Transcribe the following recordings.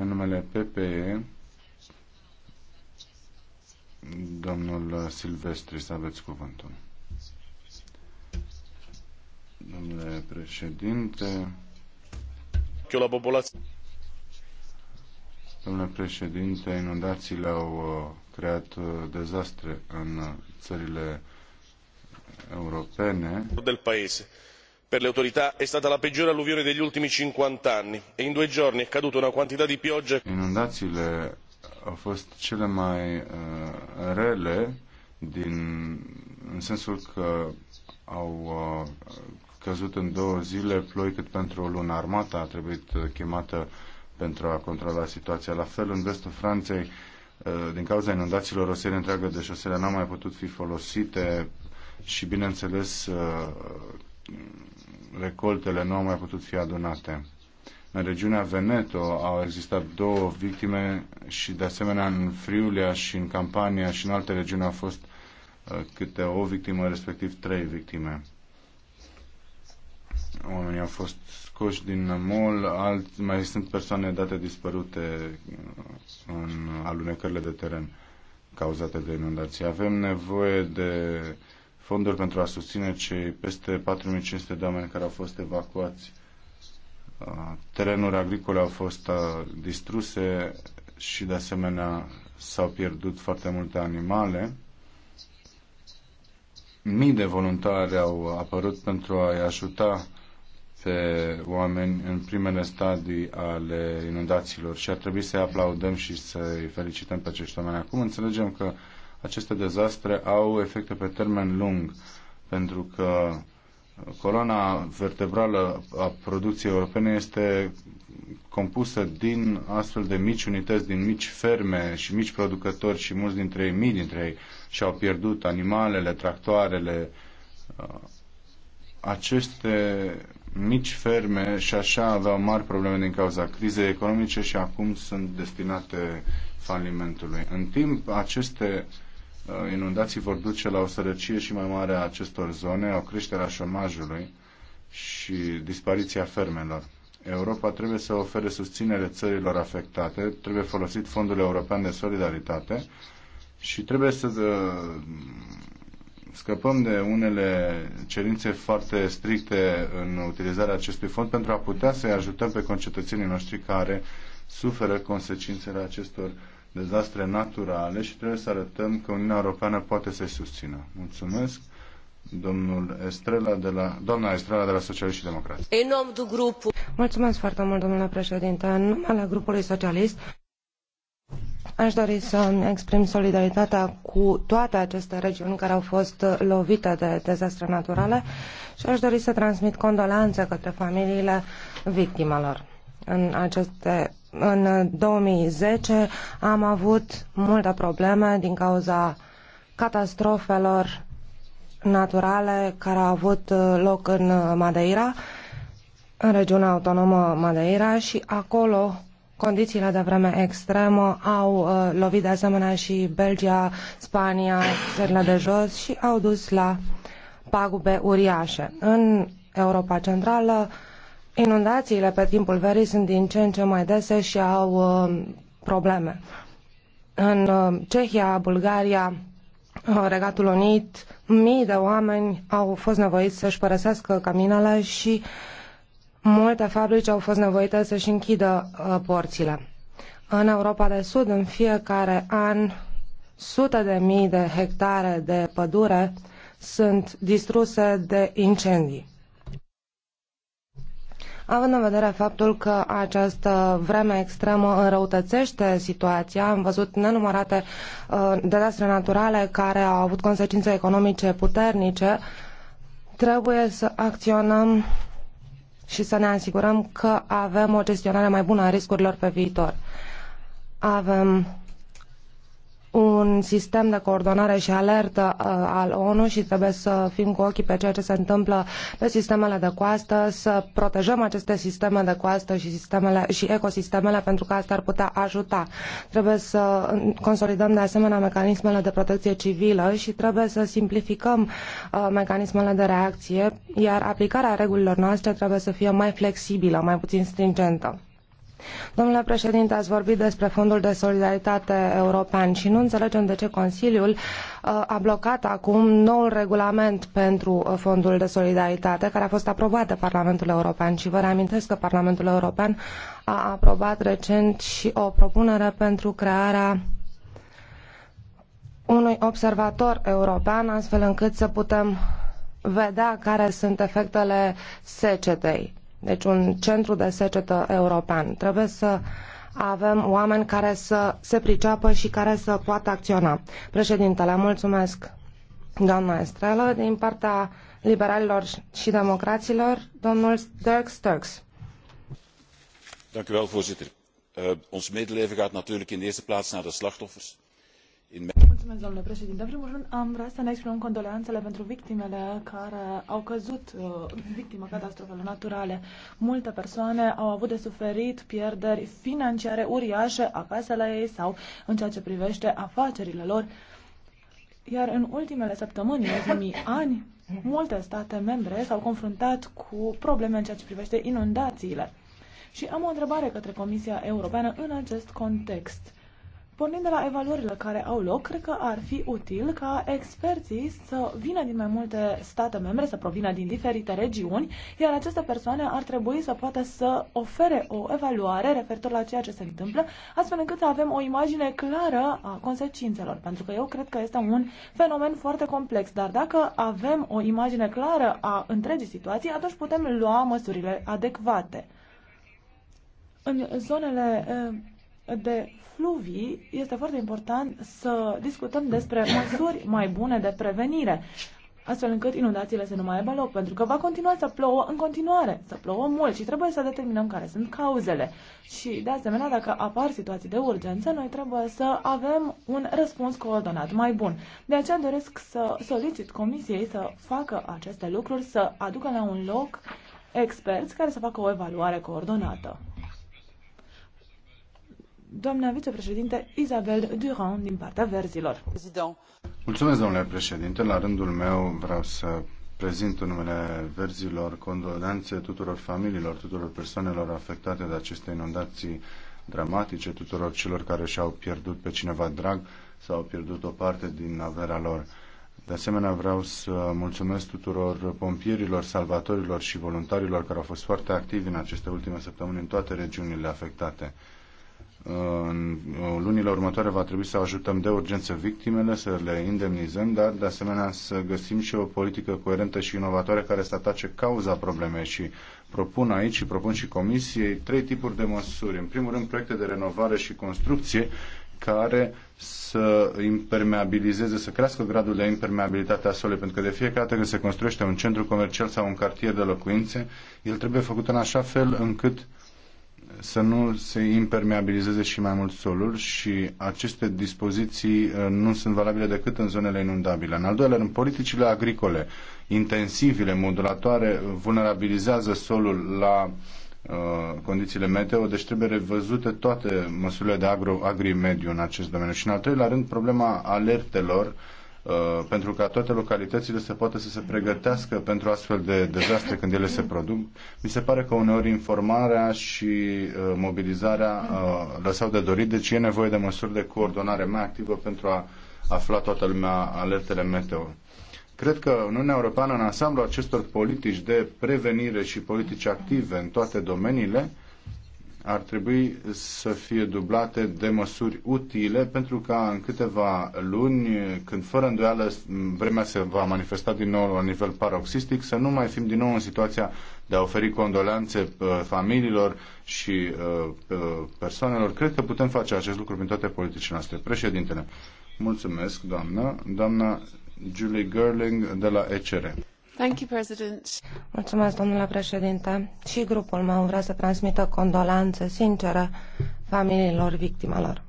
În numele PPE, domnul Silvestri, să aveți cuvântul. Domnule președinte, la populație. Domnule președinte, inundațiile au uh, creat uh, dezastre în uh, țările europene. Del paese per le autorità è stata la peggiore alluvione degli ultimi anni e in due giorni è caduta una quantità di pioggia. Inundațiile au fost cele mai uh, rele din, în sensul că au uh, căzut în două zile ploi cât pentru o lună. Armata a trebuit chemată pentru a controla situația. La fel, în vestul Franței, uh, din cauza inundațiilor, o serie întreagă de șosele n-au mai putut fi folosite și, bineînțeles, uh, recoltele nu au mai putut fi adunate. În regiunea Veneto au existat două victime și de asemenea în Friulia și în Campania și în alte regiuni au fost uh, câte o victimă, respectiv trei victime. Oamenii au fost scoși din mol, alt, mai sunt persoane date dispărute uh, în alunecările de teren cauzate de inundații. Avem nevoie de uh, fonduri pentru a susține cei peste 4500 de oameni care au fost evacuați. Uh, terenuri agricole au fost uh, distruse și de asemenea s-au pierdut foarte multe animale. Mii de voluntari au apărut pentru a-i ajuta pe oameni în primele stadii ale inundațiilor și ar trebui să-i aplaudăm și să-i felicităm pe acești oameni. Acum înțelegem că aceste dezastre au efecte pe termen lung, pentru că coloana vertebrală a producției europene este compusă din astfel de mici unități, din mici ferme și mici producători și mulți dintre ei, mii dintre ei, și-au pierdut animalele, tractoarele. Aceste mici ferme și așa aveau mari probleme din cauza crizei economice și acum sunt destinate falimentului. În timp, aceste uh, Uh, inundații vor duce la o sărăcie și mai mare a acestor zone, o creștere a șomajului și dispariția fermelor. Europa trebuie să ofere susținere țărilor afectate, trebuie folosit Fondul European de Solidaritate și trebuie să uh, scăpăm de unele cerințe foarte stricte în utilizarea acestui fond pentru a putea să-i ajutăm pe concetățenii noștri care suferă consecințele acestor uh, dezastre naturale și trebuie să arătăm că Uniunea Europeană poate să-i susțină. Mulțumesc. Domnul Estrela de la, doamna Estrela de la Socialiști și Democrați. Mulțumesc foarte mult, domnule președinte. În numele grupului socialist Aș dori să exprim solidaritatea cu toate aceste regiuni care au fost lovite de dezastre naturale și aș dori să transmit condolențe către familiile victimelor în aceste în 2010 uh, am avut multe probleme din cauza catastrofelor naturale care au avut uh, loc în uh, Madeira, în regiunea autonomă Madeira și acolo condițiile de vreme extremă au uh, lovit de asemenea și Belgia, Spania, țările de jos și au dus la pagube uriașe. În Europa Centrală Inundațiile pe timpul verii sunt din ce în ce mai dese și au uh, probleme. În uh, Cehia, Bulgaria, uh, Regatul Unit, mii de oameni au fost nevoiți să-și părăsească caminele și multe fabrici au fost nevoite să-și închidă porțile. În Europa de Sud, în fiecare an, sute de mii de hectare de pădure sunt distruse de incendii având în vedere faptul că această vreme extremă înrăutățește situația. Am văzut nenumărate uh, dezastre naturale care au avut consecințe economice puternice. Trebuie să acționăm și să ne asigurăm că avem o gestionare mai bună a riscurilor pe viitor. Avem un sistem de coordonare și alertă uh, al ONU și trebuie să fim cu ochii pe ceea ce se întâmplă pe sistemele de coastă, să protejăm aceste sisteme de coastă și, sistemele, și ecosistemele pentru că asta ar putea ajuta. Trebuie să consolidăm de asemenea mecanismele de protecție civilă și trebuie să simplificăm uh, mecanismele de reacție, iar aplicarea regulilor noastre trebuie să fie mai flexibilă, mai puțin stringentă. Domnule președinte, ați vorbit despre Fondul de Solidaritate European și nu înțelegem de ce Consiliul uh, a blocat acum noul regulament pentru uh, Fondul de Solidaritate care a fost aprobat de Parlamentul European și vă reamintesc că Parlamentul European a aprobat recent și o propunere pentru crearea unui observator european astfel încât să putem vedea care sunt efectele secetei deci un centru de secetă european. Trebuie să avem oameni care să se priceapă și care să poată acționa. Președintele, mulțumesc doamna Estrela, Din partea liberalilor și democraților, domnul Dirk Sturks. Dank u wel, voorzitter. Uh, ons medeleven gaat natuurlijk in de eerste plaats naar de slachtoffers. In Mulțumesc, domnule președinte. În primul rând, am vrea să ne exprimăm condoleanțele pentru victimele care au căzut, uh, victima catastrofelor naturale. Multe persoane au avut de suferit pierderi financiare uriașe acasă la ei sau în ceea ce privește afacerile lor. Iar în ultimele săptămâni, în ultimii ani, multe state membre s-au confruntat cu probleme în ceea ce privește inundațiile. Și am o întrebare către Comisia Europeană în acest context Pornind de la evaluările care au loc, cred că ar fi util ca experții să vină din mai multe state membre, să provină din diferite regiuni, iar aceste persoane ar trebui să poată să ofere o evaluare referitor la ceea ce se întâmplă, astfel încât să avem o imagine clară a consecințelor, pentru că eu cred că este un fenomen foarte complex, dar dacă avem o imagine clară a întregii situații, atunci putem lua măsurile adecvate. În zonele eh, de fluvii, este foarte important să discutăm despre măsuri mai bune de prevenire, astfel încât inundațiile să nu mai aibă loc, pentru că va continua să plouă în continuare, să plouă mult și trebuie să determinăm care sunt cauzele. Și, de asemenea, dacă apar situații de urgență, noi trebuie să avem un răspuns coordonat mai bun. De aceea doresc să solicit Comisiei să facă aceste lucruri, să aducă la un loc experți care să facă o evaluare coordonată doamna vicepreședinte Isabel Durand din partea verzilor. Mulțumesc, domnule președinte. La rândul meu vreau să prezint în numele verzilor condolențe tuturor familiilor, tuturor persoanelor afectate de aceste inundații dramatice, tuturor celor care și-au pierdut pe cineva drag sau au pierdut o parte din averea lor. De asemenea, vreau să mulțumesc tuturor pompierilor, salvatorilor și voluntarilor care au fost foarte activi în aceste ultime săptămâni în toate regiunile afectate în lunile următoare va trebui să ajutăm de urgență victimele, să le indemnizăm, dar de asemenea să găsim și o politică coerentă și inovatoare care să atace cauza problemei și propun aici și propun și comisiei trei tipuri de măsuri. În primul rând, proiecte de renovare și construcție care să impermeabilizeze, să crească gradul de impermeabilitate a solului, pentru că de fiecare dată când se construiește un centru comercial sau un cartier de locuințe, el trebuie făcut în așa fel încât să nu se impermeabilizeze și mai mult solul și aceste dispoziții uh, nu sunt valabile decât în zonele inundabile. În al doilea rând, politicile agricole intensivile, modulatoare, vulnerabilizează solul la uh, condițiile meteo, deci trebuie revăzute toate măsurile de agro, agri-mediu în acest domeniu. Și în al treilea rând, problema alertelor Uh, pentru ca toate localitățile să poată să se pregătească pentru astfel de dezastre când ele se produc. Mi se pare că uneori informarea și uh, mobilizarea uh, lăsau de dorit, deci e nevoie de măsuri de coordonare mai activă pentru a afla toată lumea alertele meteo. Cred că Uniunea Europeană, în ansamblu acestor politici de prevenire și politici active în toate domeniile, ar trebui să fie dublate de măsuri utile pentru ca în câteva luni, când fără îndoială vremea se va manifesta din nou la nivel paroxistic, să nu mai fim din nou în situația de a oferi condolențe uh, familiilor și uh, uh, persoanelor. Cred că putem face acest lucru prin toate politicile noastre. Președintele, mulțumesc, doamnă. Doamna Julie Gerling de la ECR. Mulțumesc, domnule președinte. Și grupul meu vrea să transmită condolanțe sincere familiilor victimelor.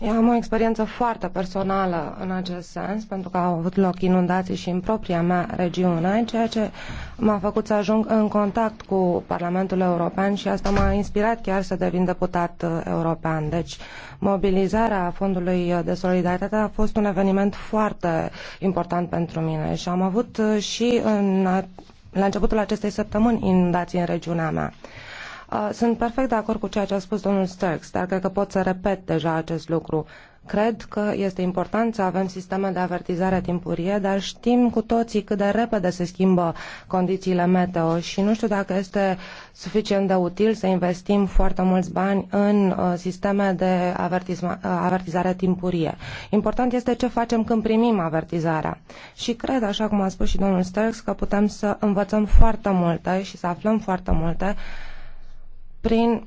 Eu am o experiență foarte personală în acest sens, pentru că au avut loc inundații și în propria mea regiune, ceea ce m-a făcut să ajung în contact cu Parlamentul European și asta m-a inspirat chiar să devin deputat uh, european. Deci, mobilizarea Fondului de Solidaritate a fost un eveniment foarte important pentru mine și am avut uh, și în, la începutul acestei săptămâni inundații în regiunea mea. Sunt perfect de acord cu ceea ce a spus domnul Sterks, dar cred că pot să repet deja acest lucru. Cred că este important să avem sisteme de avertizare timpurie, dar știm cu toții cât de repede se schimbă condițiile meteo și nu știu dacă este suficient de util să investim foarte mulți bani în uh, sisteme de uh, avertizare timpurie. Important este ce facem când primim avertizarea. Și cred, așa cum a spus și domnul Sterks, că putem să învățăm foarte multe și să aflăm foarte multe prin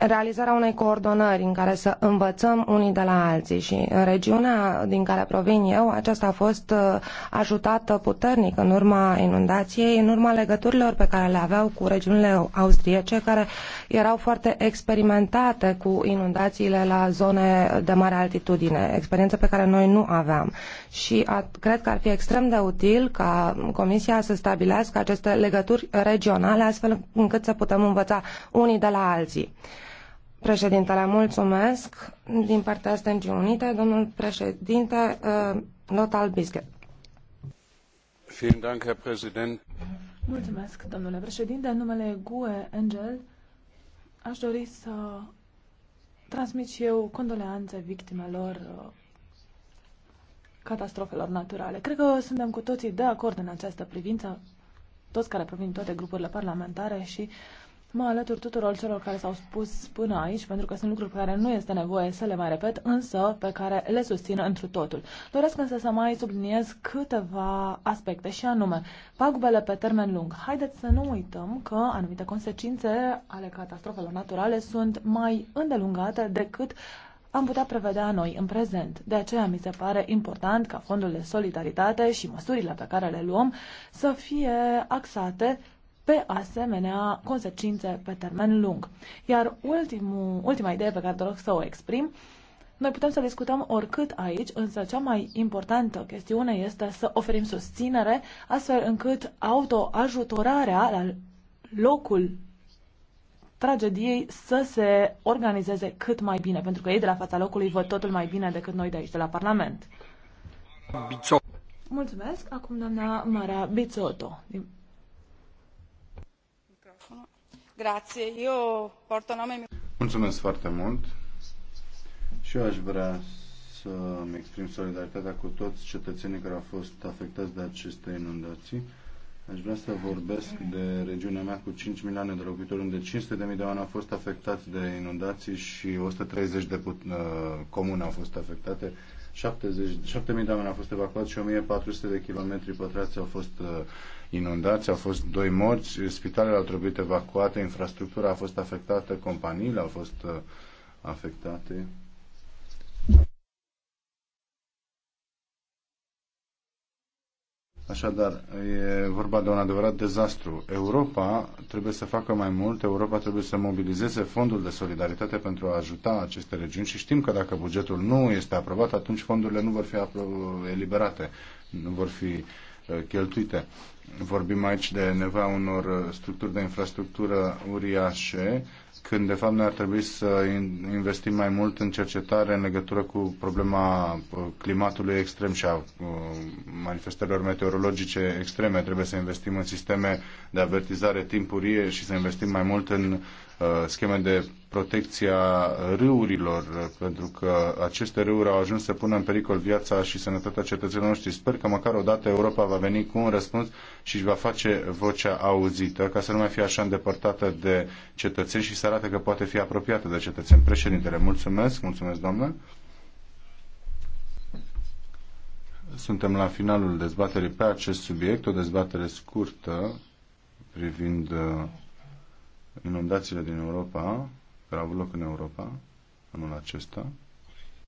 realizarea unei coordonări în care să învățăm unii de la alții și în regiunea din care provin eu, aceasta a fost uh, ajutată puternic în urma inundației, în urma legăturilor pe care le aveau cu regiunile austriece care erau foarte experimentate cu inundațiile la zone de mare altitudine, experiență pe care noi nu aveam. Și a, cred că ar fi extrem de util ca Comisia să stabilească aceste legături regionale astfel încât să putem învăța unii de la alții. Președintele, mulțumesc. Din partea Stângii Unite, domnul președinte uh, Lotal Bische. Mulțumesc, domnule președinte. În numele GUE Angel aș dori să transmit și eu condoleanțe victimelor uh, catastrofelor naturale. Cred că suntem cu toții de acord în această privință, toți care provin toate grupurile parlamentare și uh, Mă alătur tuturor celor care s-au spus până aici, pentru că sunt lucruri pe care nu este nevoie să le mai repet, însă pe care le susțin întru totul. Doresc însă să mai subliniez câteva aspecte și anume, pagubele pe termen lung. Haideți să nu uităm că anumite consecințe ale catastrofelor naturale sunt mai îndelungate decât am putea prevedea noi în prezent. De aceea mi se pare important ca fondul de solidaritate și măsurile pe care le luăm să fie axate pe asemenea consecințe pe termen lung. Iar ultimul, ultima idee pe care doresc să o exprim, noi putem să discutăm oricât aici, însă cea mai importantă chestiune este să oferim susținere astfel încât autoajutorarea la locul tragediei să se organizeze cât mai bine, pentru că ei de la fața locului văd totul mai bine decât noi de aici, de la Parlament. Bicio. Mulțumesc. Acum doamna Marea Bizotto, din Grație. Mulțumesc foarte mult. Și eu aș vrea să-mi exprim solidaritatea cu toți cetățenii care au fost afectați de aceste inundații. Aș vrea să vorbesc de regiunea mea cu 5 milioane de locuitori, unde 500 de mii de oameni au fost afectați de inundații și 130 de put- uh, comune au fost afectate. 70, 7.000 de oameni au fost evacuați și 1.400 de kilometri pătrați au fost uh, inundați, au fost doi morți, spitalele au trebuit evacuate, infrastructura a fost afectată, companiile au fost uh, afectate. Așadar, e vorba de un adevărat dezastru. Europa trebuie să facă mai mult, Europa trebuie să mobilizeze fondul de solidaritate pentru a ajuta aceste regiuni și știm că dacă bugetul nu este aprobat, atunci fondurile nu vor fi eliberate, nu vor fi uh, cheltuite. Vorbim aici de nevoia unor uh, structuri de infrastructură uriașe, când de fapt noi ar trebui să investim mai mult în cercetare în legătură cu problema uh, climatului extrem și a uh, manifestărilor meteorologice extreme. Trebuie să investim în sisteme de avertizare timpurie și să investim mai mult în Uh, scheme de protecție a râurilor, pentru că aceste râuri au ajuns să pună în pericol viața și sănătatea cetățenilor noștri. Sper că măcar odată Europa va veni cu un răspuns și își va face vocea auzită, ca să nu mai fie așa îndepărtată de cetățeni și să arate că poate fi apropiată de cetățeni. Președintele, mulțumesc, mulțumesc, doamnă. Suntem la finalul dezbaterii pe acest subiect, o dezbatere scurtă privind uh, inundațiile din Europa, care au avut loc în Europa anul acesta,